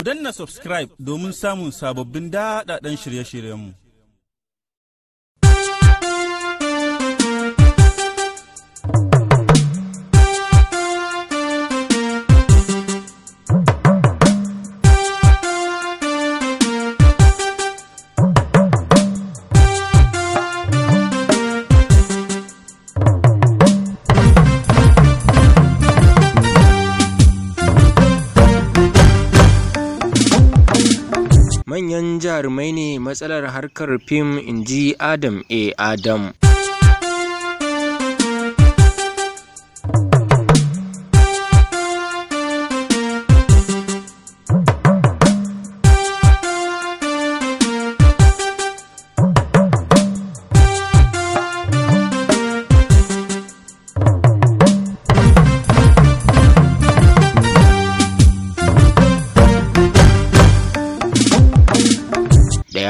Ku danna subscribe domin samun sababbin daɗaɗɗen shirye-shiryenmu. Manyan jarumai ne matsalar harkar fim, in ji Adam A. Adam.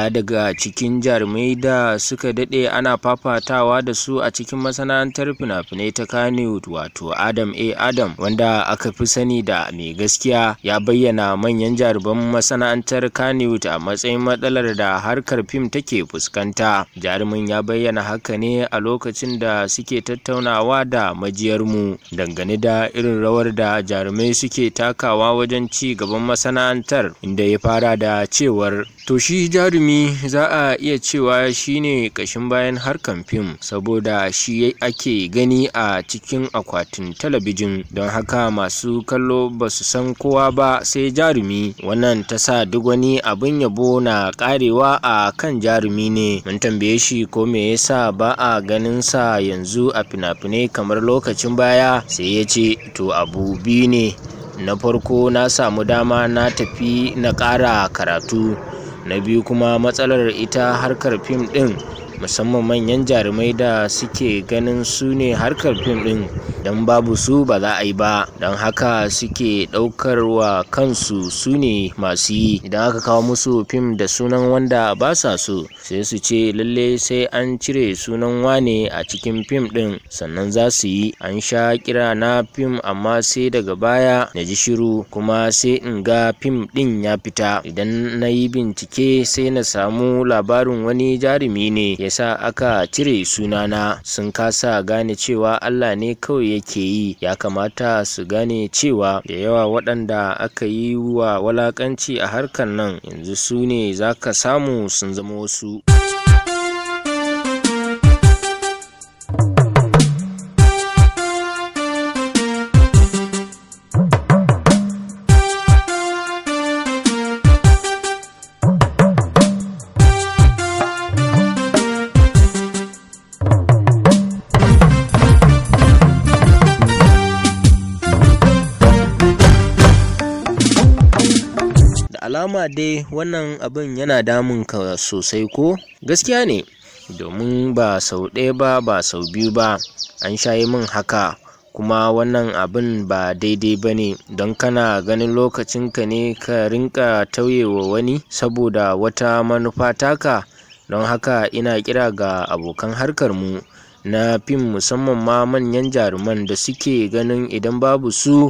daya daga cikin jarumai da suka dade ana fafatawa da su a cikin masana'antar fina-finai ta kanewood wato adam a adam wanda aka fi sani da mai gaskiya ya bayyana manyan jaruman masana'antar kanewood a matsayin matsalar da harkar fim take fuskanta jarumin ya bayyana haka ne a lokacin da suke tattaunawa da majiyarmu dangane da irin rawar da jarumai suke takawa wajen ci gaban masana'antar inda ya fara da cewar to shi jarumi gani za a iya cewa shine ƙashin bayan harkar fim saboda shi ake gani a cikin akwatin talabijin don haka masu kallo ba su san kowa ba sai jarumi wannan ta sa duk wani abin yabo na karewa a kan jarumi ne mun tambaye shi ko me yasa ba a ganin sa yanzu a fina-finai kamar lokacin baya sai ya ce to abu biyu ne na farko na samu dama na tafi na ƙara karatu na biyu kuma matsalar ita harkar fim ɗin musamman manyan jarumai da suke ganin su ne harkar fim ɗin don babu su ba za a yi ba don haka suke ɗaukarwa wa kansu su ne masu yi idan aka kawo musu fim da sunan wanda ba sa so sai su ce lalle sai an cire sunan wane a cikin fim ɗin sannan za su yi an sha kira na fim amma sai daga baya na ji shiru kuma sai in ga fim ɗin ya fita idan na yi bincike sai na samu labarin wani jarumi ne ya yasa aka cire sunana sun kasa gane cewa Allah ne kawai yake yi ya kamata su gane cewa da yawa waɗanda aka yi wa walakanci a harkar nan yanzu su ne za ka samu sun zama wasu. alama dai wannan abin yana damun ka sosai ko gaskiya ne domin ba sau ɗaya ba ba sau biyu ba an shayi min haka kuma wannan abin ba daidai ba ne don kana ganin lokacinka ne ka rinka wa wani saboda wata manufa taka don haka ina kira ga abokan harkar mu na fim musamman ma manyan jaruman da suke ganin idan babu su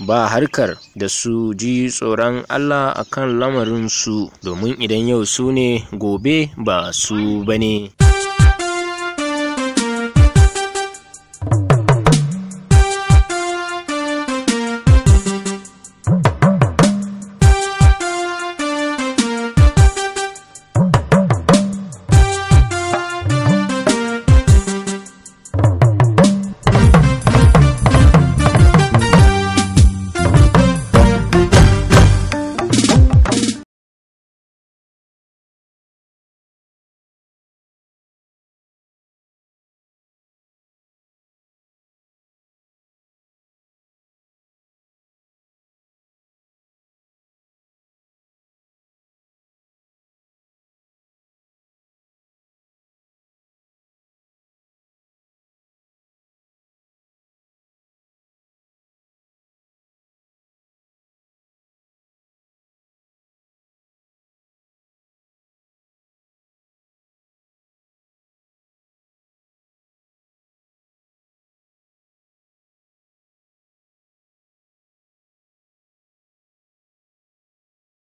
ba harkar da su ji tsoron Allah a akan lamarinsu domin idan yau su ne gobe ba su bane.